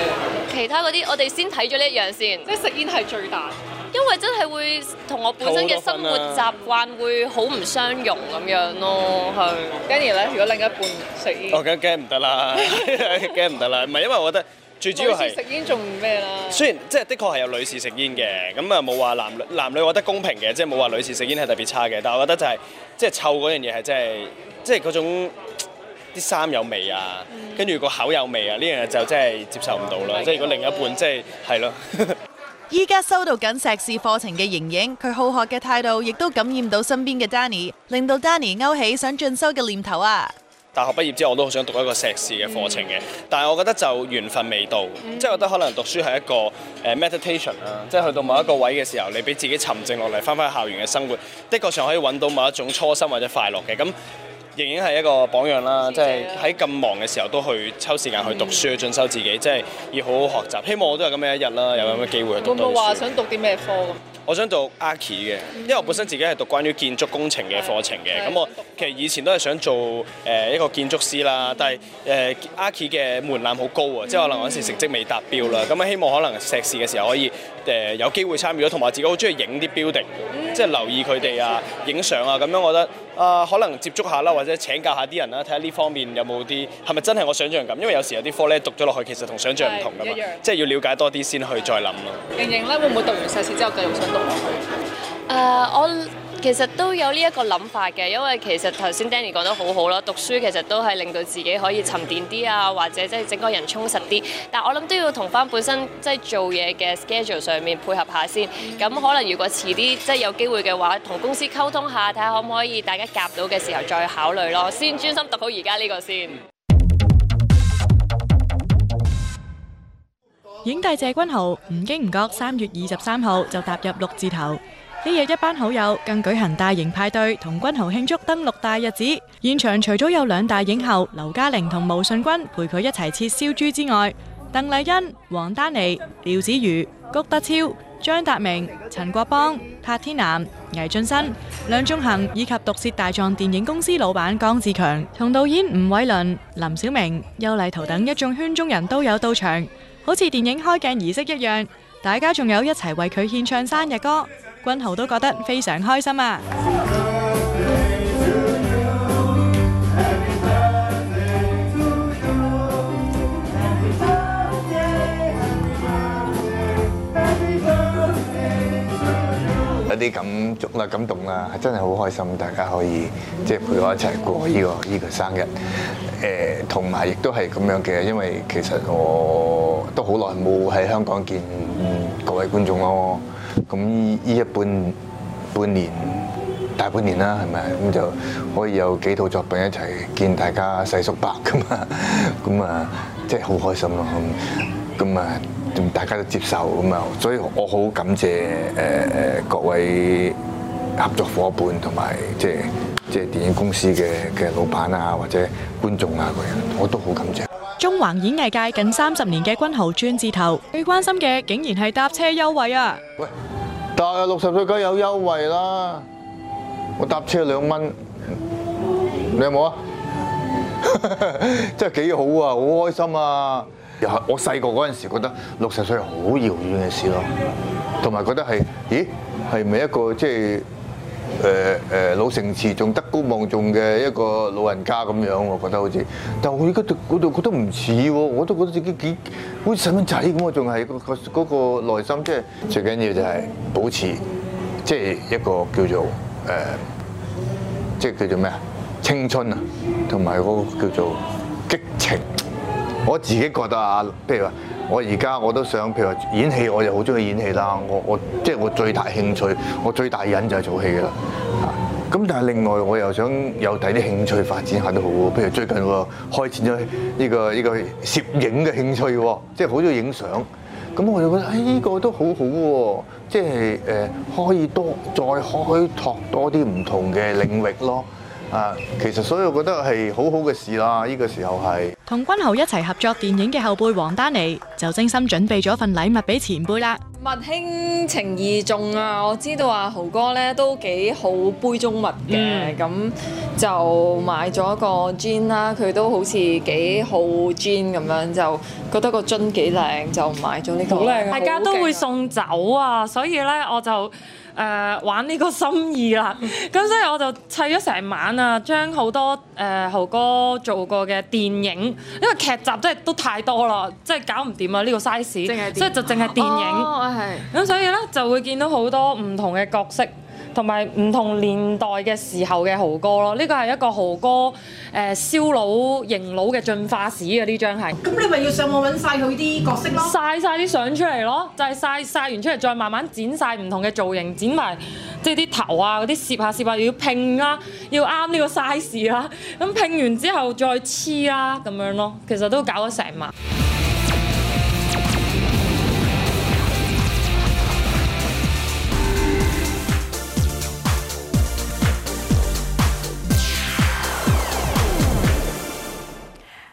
其他啲，我哋先睇咗呢一樣先，即係食煙係最大。因為真係會同我本身嘅生活習慣會好唔相容咁樣咯，係。跟住咧，如果另一半食煙，我梗驚唔得啦，驚唔得啦，唔係因為我覺得最主要係食煙仲咩啦？雖然即係的確係有女士食煙嘅，咁啊冇話男女。男女我覺得公平嘅，即係冇話女士食煙係特別差嘅，但係我覺得就係即係臭嗰樣嘢係真係，即係嗰種啲衫有味啊，跟住個口有味啊，呢樣嘢就真係接受唔到啦。嗯，即係如果另一半即係係咯。依家收到緊碩士課程嘅盈盈，佢好學嘅態度亦都感染到身邊嘅 Danny，令到 Danny 勾起想進修嘅念頭啊！大學畢業之後我都好想讀一個碩士嘅課程嘅，嗯、但係我覺得就緣分未到，嗯、即係覺得可能讀書係一個誒、呃、meditation 啊，即係去到某一個位嘅時候，你俾自己沉靜落嚟，翻返去校園嘅生活，的確上可以揾到某一種初心或者快樂嘅咁。仍然係一個榜樣啦，即係喺咁忙嘅時候都去抽時間去讀書，嗯、進修自己，即係要好好學習。希望我都有咁嘅一日啦，嗯、有咁嘅機會去讀書。有冇話想讀啲咩科？我想讀 Arch 嘅，嗯、因為我本身自己係讀關於建築工程嘅課程嘅，咁、嗯、我其實以前都係想做誒一個建築師啦，但係誒 Arch 嘅門檻好高啊，即係可能嗰時成績未達標啦，咁啊、嗯嗯、希望可能碩士嘅時候可以誒、呃、有機會參與咗，同埋自己好中意影啲 building，即係留意佢哋啊、影相啊，咁樣我覺得。啊、呃，可能接觸下啦，或者請教下啲人啦，睇下呢方面有冇啲係咪真係我想象咁？因為有時有啲科咧讀咗落去，其實同想象唔同㗎嘛，即係要了解多啲先去再諗咯。盈盈咧會唔會讀完碩士之後繼續想讀落去？誒、uh，我。其實都有呢一個諗法嘅，因為其實頭先 Danny 講得好好咯，讀書其實都係令到自己可以沉澱啲啊，或者即係整個人充實啲。但我諗都要同翻本身即係、就是、做嘢嘅 schedule 上面配合下先。咁、嗯嗯、可能如果遲啲即係有機會嘅話，同公司溝通下，睇下可唔可以大家夾到嘅時候再考慮咯。先專心讀好而家呢個先。影帝謝君豪，唔經唔覺，三月二十三號就踏入六字頭。呢日一班好友更舉行大型派對，同君豪慶祝登陸大日子。現場除咗有兩大影后劉嘉玲同毛舜筠陪佢一齊切燒豬之外，鄧麗欣、王丹妮、廖子妤、谷德昭、張達明、陳國邦、柏天男、魏浚笙、梁仲恒，以及毒舌大狀電影公司老闆江志強同導演吳煒倫、林小明、邱禮濤等一眾圈中人都有到場，好似電影開鏡儀式一樣。大家仲有一齊為佢獻唱生日歌。君豪都覺得非常開心啊！一啲感觸啦、感動啦，係真係好開心，大家可以即係陪我一齊過呢個呢個生日。誒，同埋亦都係咁樣嘅，因為其實我都好耐冇喺香港見各位觀眾咯。咁呢呢一半半年大半年啦，係咪？咁就可以有幾套作品一齊見大家細叔伯嘛咁啊！咁 (laughs) 啊、嗯，即係好開心咯！咁、嗯、啊、嗯嗯嗯嗯嗯，大家都接受咁啊、嗯，所以我好感謝誒誒、呃呃、各位合作夥伴同埋即係即係電影公司嘅嘅老闆啊，或者觀眾啊嗰啲，我都好感謝。中環演藝界近三十年嘅君豪專字頭，最關心嘅竟然係搭車優惠啊！喂，但係六十歲梗有優惠啦，我搭車兩蚊，你有冇啊？即係幾好啊，好開心啊！又係 (noise) 我細個嗰陣時覺得六十歲係好遙遠嘅事咯，同埋覺得係，咦，係咪一個即係？就是誒誒、呃呃、老成持重德高望重嘅一個老人家咁樣，我覺得好似，但係我而家對度覺得唔似喎，我都覺得自己幾好似細蚊仔咁啊，仲係嗰個嗰個內、那個、心即係、就、係、是、最緊要就係保持即係一個叫做誒、呃，即係叫做咩啊青春啊，同埋嗰個叫做激情。我自己覺得啊，譬如話。我而家我都想，譬如演戲，我就好中意演戲啦。我我即係我最大興趣，我最大癮就係做戲啦。咁但係另外我又想有第啲興趣發展下都好喎。譬如最近我開展咗呢個呢個攝影嘅興趣，即係好中意影相。咁我就覺得誒呢個都好好喎，即係誒可以多再開拓多啲唔同嘅領域咯。啊，其實所以我覺得係好好嘅事啦。呢個時候係同君豪一齊合作電影嘅後輩王丹妮，就精心準備咗份禮物俾前輩啦。物輕情意重啊！我知道啊，豪哥咧都幾好杯中物嘅，咁、嗯、就買咗個 Gin 啦。佢都好似幾好 Gin 咁樣，就覺得個樽幾靚，就買咗呢、這個。好靚啊！好勁啊！大家都會送酒啊，所以咧我就誒、呃、玩呢個心意啦。咁所以我就砌咗成晚啊，將好多誒豪、呃、哥做過嘅電影，因為劇集真係都太多啦，真係搞唔掂啊！呢、這個 size，即係就淨係電影。 (laughs) 咁、嗯、所以咧就會見到好多唔同嘅角色，同埋唔同年代嘅時候嘅豪哥咯。呢、這個係一個豪哥誒燒腦型腦嘅進化史嘅呢張係。咁你咪要上網揾曬佢啲角色咯。晒晒啲相出嚟咯，就係、是、晒晒完出嚟，再慢慢剪晒唔同嘅造型，剪埋即係啲頭啊，嗰啲攝下攝下，攝下，攝下要拼啦、啊，要啱呢個 size 啦、啊。咁、嗯、拼完之後再黐啦、啊，咁樣咯，其實都搞咗成晚。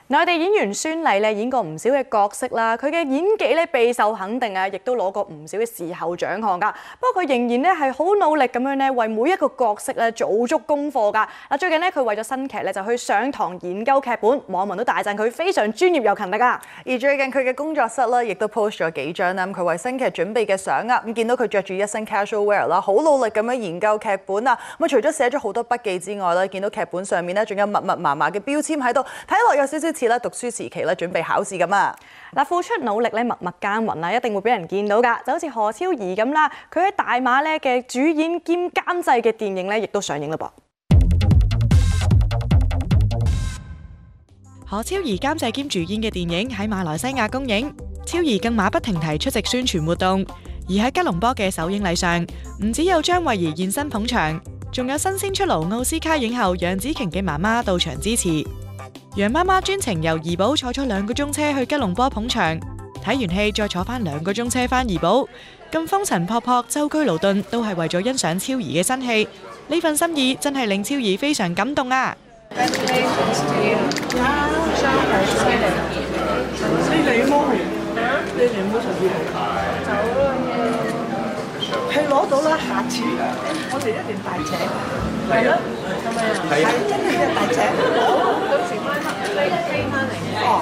嗱，內地、呃、演員孫儷咧演過唔少嘅角色啦，佢嘅演技咧備受肯定啊，亦都攞過唔少嘅視后獎項噶。不過佢仍然咧係好努力咁樣咧，為每一個角色咧做足功課噶。嗱、啊，最近咧佢為咗新劇咧就去上堂研究劇本，網民都大讚佢非常專業又勤力噶。而最近佢嘅工作室咧亦都 post 咗幾張咧，佢、嗯、為新劇準備嘅相、嗯、啊，咁見到佢着住一身 casual wear 啦，好努力咁樣研究劇本啊。咁除咗寫咗好多筆記之外咧，見到劇本上面咧仲有密密麻麻嘅標籤喺度，睇落有少少似。啦，讀書時期啦，準備考試咁啊！嗱，付出努力咧，默默耕耘啊，一定會俾人見到噶。就好似何超儀咁啦，佢喺大馬咧嘅主演兼監製嘅電影咧，亦都上映嘞噃。何超儀監製兼主演嘅電影喺馬來西亞公映，超儀更馬不停蹄出席宣傳活動。而喺吉隆坡嘅首映禮上，唔止有張慧儀現身捧場，仲有新鮮出爐奧斯卡影后楊紫瓊嘅媽媽到場支持。楊媽媽專程由怡寶坐咗兩個鐘車去吉隆坡捧場，睇完戲再坐翻兩個鐘車返怡寶，咁風塵僕僕，舟車勞頓都係為咗欣賞超兒嘅新戲，呢份心意真係令超兒非常感動啊！犀利麼？啊？犀利麼？陳綺雯，走啦要，係攞到啦，下次我哋一年大請，係咯？係啊，真係要大姐，好，到時翻得飛飛翻嚟。哦，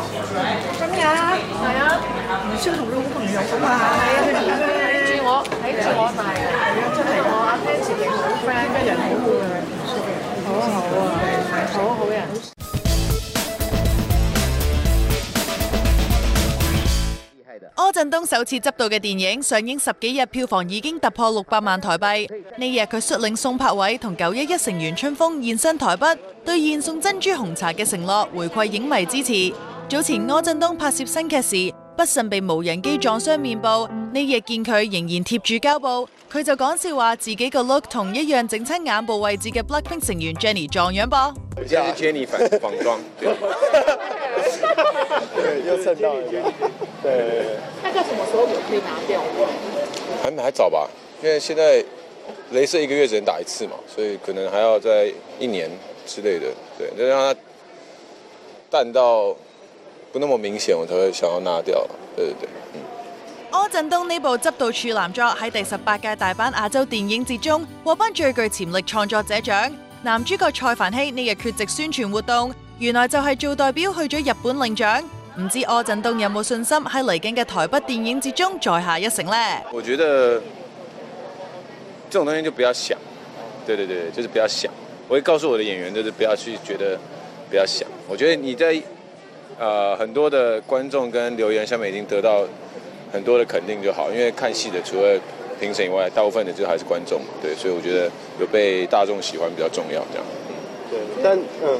咁樣？係啊，唔需要同魯共同用啊嘛，睇住我，睇住我大。因為我阿 fans 前期好 friend，跟人好好嘅，好好啊，好好人。柯震東首次執導嘅電影上映十幾日，票房已經突破六百萬台幣。呢日佢率領宋柏偉同九一一成員春風現身台北，兌現送珍珠紅茶嘅承諾，回饋影迷支持。早前柯震東拍攝新劇時，不慎被無人機撞傷面部，呢日見佢仍然貼住膠布，佢就講笑話自己個 look 同一樣整親眼部位置嘅 BLACKPINK 成員 Jennie 撞樣噃。 (laughs) (laughs) (laughs) (laughs) 對，又剩到了 (laughs) 對，對。大概什麼時候我可以拿掉？ (laughs) 還還早吧，因為現在鐳射一個月只能打一次嘛，所以可能還要再一年之類的。對，就讓它淡到不那麼明顯，我才會想要拿掉。對對對，柯震東呢部執導處男作喺第十八屆大阪亞洲電影節中獲頒最具潛力創作者獎，男主角蔡凡熙呢日缺席宣傳活動，原來就係做代表去咗日本領獎。唔知柯震東有冇信心喺嚟緊嘅台北電影節中再下一城呢？我覺得，這種東西就不要想，對對對，就是不要想。我會告訴我的演員，就是不要去覺得不要想。我覺得你在，啊、呃，很多的觀眾跟留言下面已經得到很多的肯定就好，因為看戲的除了評審以外，大部分的就還是觀眾，對，所以我覺得有被大眾喜歡比較重要，這樣。對，但嗯。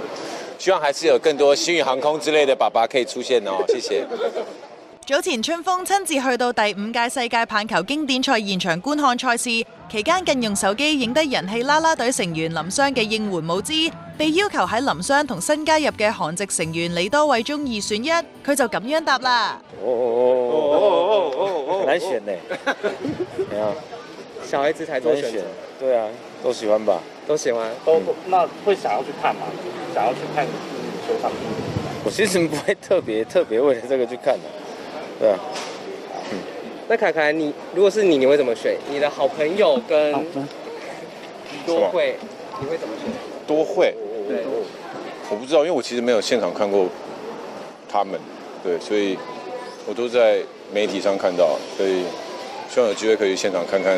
希望還是有更多星宇航空之類的爸爸可以出現哦，謝謝。 (laughs) 早前春風親自去到第五屆世界棒球經典賽現場觀看賽事，期間更用手機影低人氣啦啦隊成員林襄嘅應援舞姿， (laughs) (laughs) 被要求喺林襄同新加入嘅韓籍成員李多慧中二選一耶，佢就咁樣答啦。哦哦哦哦哦哦，好難選呢啊，小孩子太多選，選著 (laughs) 對啊，都喜歡吧。都喜歡，都、嗯、那會想要去看嗎？就是、想要去看球上邊。我其實不會特別特別為了這個去看的、啊。對啊。嗯、那凱凱，你如果是你，你會怎麼選？你的好朋友跟麼多會，你會怎麼選？多會？對。我不知道，因為我其實沒有現場看過他們，對，所以我都在媒體上看到，所以希望有機會可以現場看看。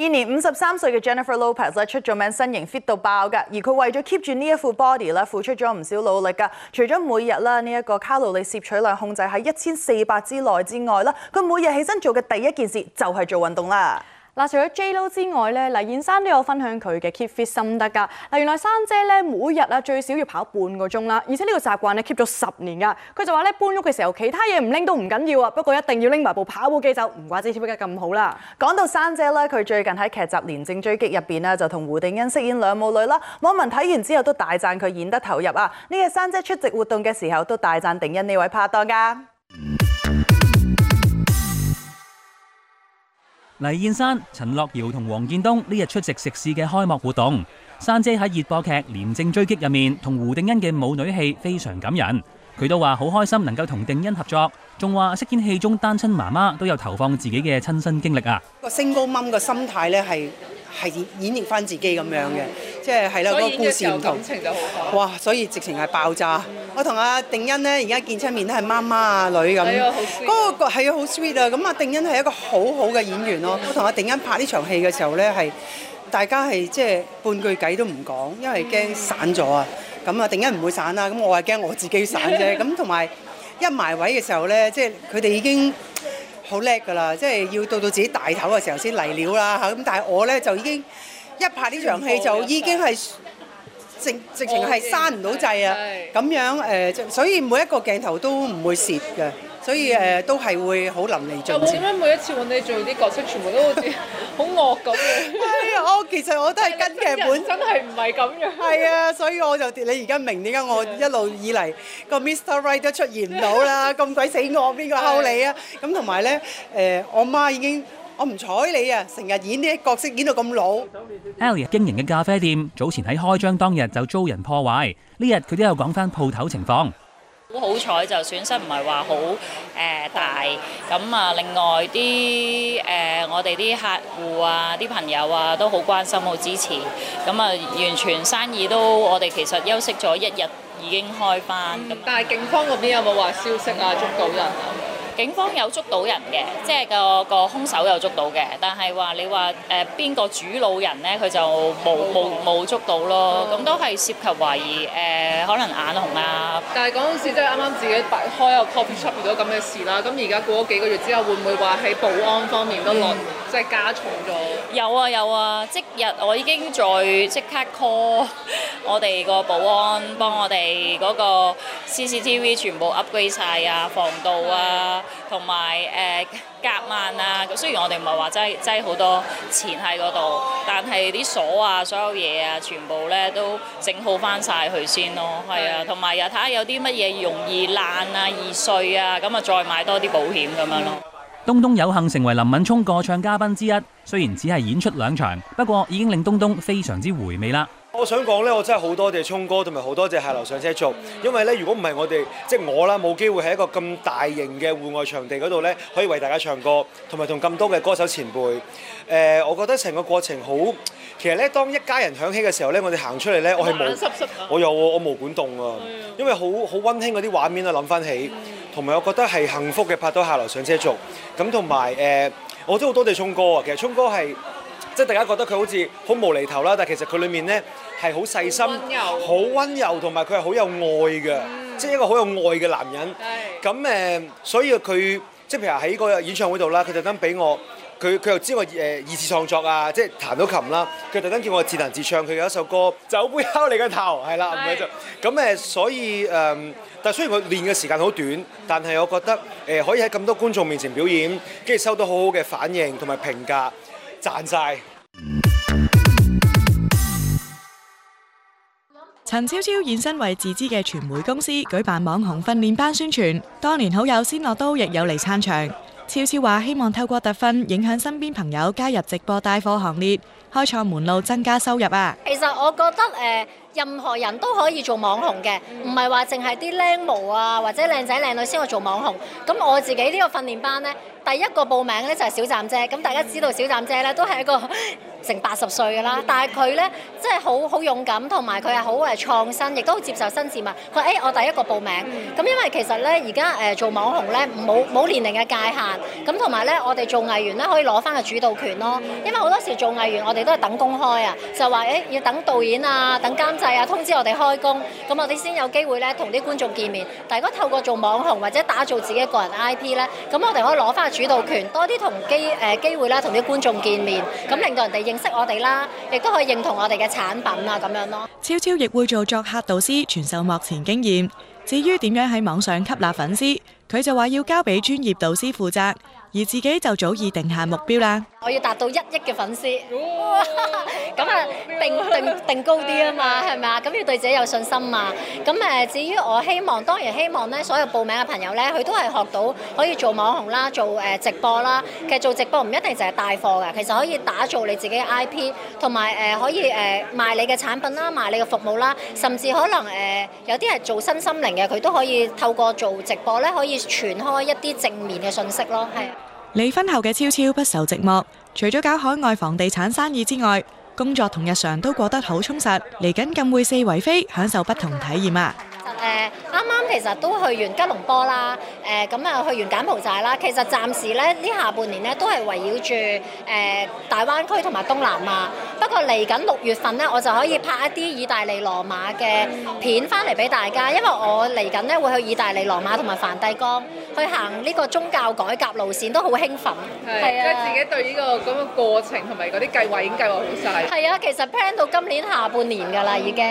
現年五十三歲嘅 Jennifer Lopez 咧，出咗名身，身形 fit 到爆㗎，而佢為咗 keep 住呢一副 body 咧，付出咗唔少努力㗎。除咗每日咧呢一個卡路里攝取量控制喺一千四百之內之外啦，佢每日起身做嘅第一件事就係做運動啦。嗱，除咗 J Lo 之外咧，嗱，黎燕珊都有分享佢嘅 keep fit 心得噶。嗱，原來珊姐咧每日啊最少要跑半個鐘啦，而且呢個習慣咧 keep 咗十年噶。佢就話咧搬屋嘅時候，其他嘢唔拎都唔緊要啊，不過一定要拎埋部跑步機走，唔怪之 fit 得咁好啦。講到珊姐咧，佢最近喺劇集《廉政追擊》入邊咧就同胡定欣飾演兩母女啦。網民睇完之後都大讚佢演得投入啊。呢、這個珊姐出席活動嘅時候都大讚定欣呢位拍檔啊。黎燕珊、陳樂瑤同黃建東呢日出席食肆嘅開幕活動。珊姐喺熱播劇《廉政追擊》入面同胡定欣嘅母女戲非常感人，佢都話好開心能夠同定欣合作，仲話飾演戲中單親媽媽都有投放自己嘅親身經歷啊。個升高冧嘅心態咧係。係演繹翻自己咁樣嘅，即係係啦個故事唔同，情哇！所以直情係爆炸。我同阿、啊、定欣呢，而家見親面都係媽媽啊女咁，嗰個係啊好 sweet 啊！咁阿、啊嗯、定欣係一個好好嘅演員咯。我同阿、啊、定欣拍呢場戲嘅時候呢，係大家係即係半句偈都唔講，因為驚散咗啊。咁、嗯、啊、嗯，定欣唔會散啦。咁我係驚我自己散啫。咁同埋一埋位嘅時候呢，即係佢哋已經。好叻㗎啦，即係要到到自己大頭嘅時候先嚟料啦嚇，咁但係我呢，就已經一拍呢場戲就已經係直情係閂唔到掣啊，咁樣誒、呃，所以每一個鏡頭都唔會蝕嘅。所以誒，都係會好淋漓盡致。點解每一次揾你做啲角色，全部都好似好惡咁嘅？係啊，我其實我都係跟劇本，真係唔係咁樣。係啊，所以我就你而家明點解我一路以嚟個 Mr. Right 都出現唔到啦？咁鬼死惡，邊個溝你啊？咁同埋咧，誒，我媽已經我唔睬你啊！成日演呢啲角色演到咁老。Elliot 經營嘅咖啡店早前喺開張當日就遭人破壞，呢日佢都有講翻鋪頭情況。好好彩就損失唔係話好誒大，咁啊另外啲誒、呃、我哋啲客戶啊、啲朋友啊都好關心、好支持，咁啊完全生意都我哋其實休息咗一日已經開翻。咁、嗯、但係警方嗰邊有冇話消息啊？捉到人啊？警方有捉到人嘅，即係個個兇手有捉到嘅，但係話你話誒邊個主腦人咧，佢就冇冇冇捉到咯。咁、嗯、都係涉及懷疑誒、呃，可能眼紅啊。但係嗰陣時即係啱啱自己擺開個 copy 出嚟到咁嘅事啦。咁而家過咗幾個月之後，會唔會話喺保安方面都落、嗯、即係加重咗？有啊有啊，即日我已經在即刻 call 我哋個保安，幫我哋嗰個 CCTV 全部 upgrade 晒啊，防盜啊。同埋誒夾萬啊！雖然我哋唔係話擠擠好多錢喺嗰度，但係啲鎖啊、所有嘢啊，全部咧都整好返晒佢先咯。係啊，同埋又睇下有啲乜嘢容易爛啊、易碎啊，咁啊再買多啲保險咁樣咯。東東有幸成為林敏聰個唱嘉賓之一，雖然只係演出兩場，不過已經令東東非常之回味啦。我想講咧，我真係好多謝聰哥，同埋好多謝下樓上車族。因為咧，如果唔係我哋，即係我啦，冇機會喺一個咁大型嘅戶外場地嗰度咧，可以為大家唱歌，同埋同咁多嘅歌手前輩。誒、呃，我覺得成個過程好，其實咧，當一家人響起嘅時候咧，我哋行出嚟咧，我係冇，我有我毛管戙啊，的因為好好溫馨嗰啲畫面啊，諗翻起，同埋我覺得係幸福嘅拍到下樓上車族。咁同埋誒，我都好多謝聰哥啊。其實聰哥係即係大家覺得佢好似好無厘頭啦，但其實佢裏面咧。係好細心，好溫柔，柔，同埋佢係好有愛嘅，嗯、即係一個好有愛嘅男人。咁誒對，所以佢即係譬如喺個演唱會度啦，佢特登俾我，佢佢又知我誒二次創作啊，即係彈到琴啦，佢特登叫我自彈自唱。佢有一首歌《酒杯敲你個頭》，係啦咁樣就。咁對所以誒、嗯，但雖然我練嘅時間好短，但係我覺得誒可以喺咁多觀眾面前表演，跟住收到好好嘅反應同埋評價，賺晒。陳超超現身為自資嘅傳媒公司舉辦網紅訓練班宣傳，當年好友仙樂都亦有嚟撐場。超超話希望透過特訓影響身邊朋友，加入直播帶貨行列，開創門路增加收入啊！其實我覺得誒，任何人都可以做網紅嘅，唔係話淨係啲靚模啊或者靚仔靚女先去做網紅。咁我自己呢個訓練班呢，第一個報名呢就係小站姐，咁大家知道小站姐呢都係一個。成八十歲㗎啦，但係佢呢，即係好好勇敢，同埋佢係好誒創新，亦都好接受新事物。佢話誒我第一個報名，咁因為其實呢，而家誒做網紅呢冇冇年齡嘅界限，咁同埋呢，我哋做藝員呢可以攞翻個主導權咯。因為好多時做藝員，我哋都係等公開啊，就話誒要等導演啊、等監製啊通知我哋開工，咁我哋先有機會呢同啲觀眾見面。但係如果透過做網紅或者打造自己個人 IP 呢，咁我哋可以攞翻個主導權，多啲同機誒機會啦，同啲觀眾見面，咁令到人哋認識我哋啦，亦都可以認同我哋嘅產品啊，咁樣咯。超超亦會做作客導師，傳授幕前經驗。至於點樣喺網上吸納粉絲，佢就話要交俾專業導師負責。而自己就早已定下目標啦。我要達到一億嘅粉絲，咁啊定定定高啲啊嘛，係咪啊？咁要對自己有信心嘛。咁誒，至於我希望，當然希望咧，所有報名嘅朋友咧，佢都係學到可以做網紅啦，做誒直播啦。其實做直播唔一定淨係帶貨嘅，其實可以打造你自己嘅 IP，同埋誒可以誒賣你嘅產品啦，賣你嘅服務啦，甚至可能誒有啲係做身心靈嘅，佢都可以透過做直播咧，可以傳開一啲正面嘅信息咯，係。離婚後嘅超超不受寂寞，除咗搞海外房地產生意之外，工作同日常都過得好充實。嚟緊更會四圍飛，享受不同體驗啊！誒，啱啱其實都去完吉隆坡啦，誒，咁啊去完柬埔寨啦。其實暫時咧呢下半年咧都係圍繞住誒大灣區同埋東南亞。不過嚟緊六月份咧，我就可以拍一啲意大利羅馬嘅片翻嚟俾大家，因為我嚟緊咧會去意大利羅馬同埋梵蒂岡去行呢個宗教改革路線都，都好興奮。係啊，即係自己對呢個咁嘅過程同埋嗰啲計劃已經計劃好晒。係啊，其實 plan 到今年下半年㗎啦，已經。